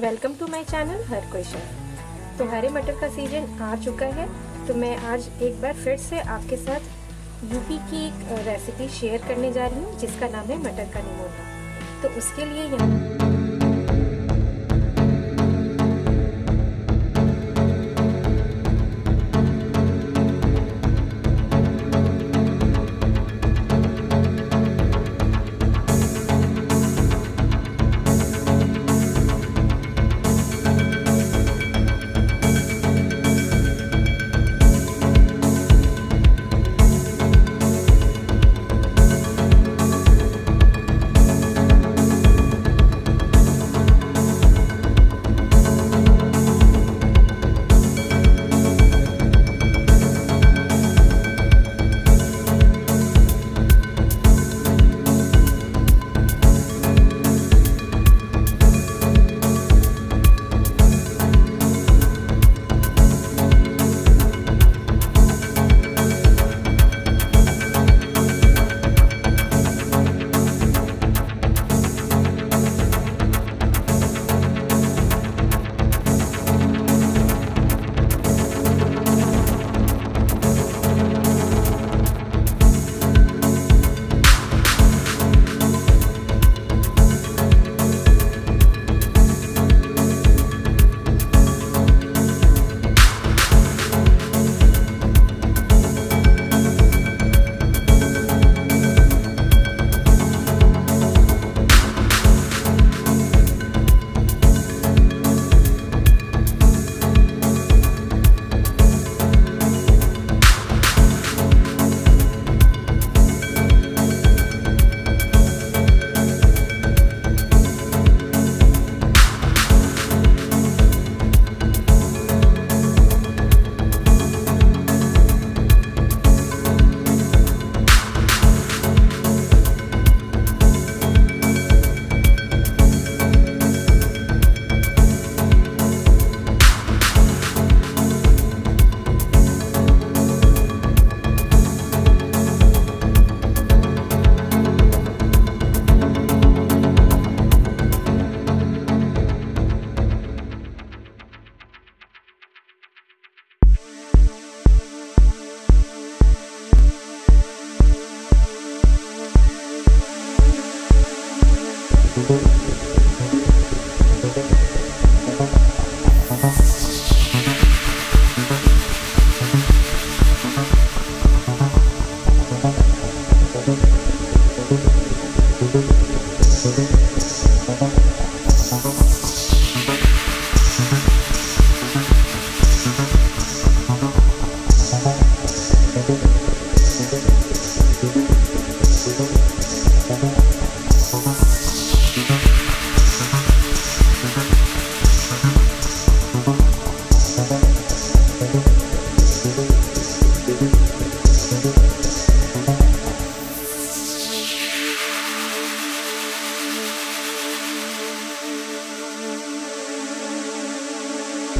welcome to my channel हर question तो हरे मटर का सीजन आ चुका है तो मैं आज एक बार फिर से आपके साथ यूपी की एक रेसिपी शेयर करने जा रही हूँ जिसका नाम है मटर का निमोटा तो उसके लिए यहाँ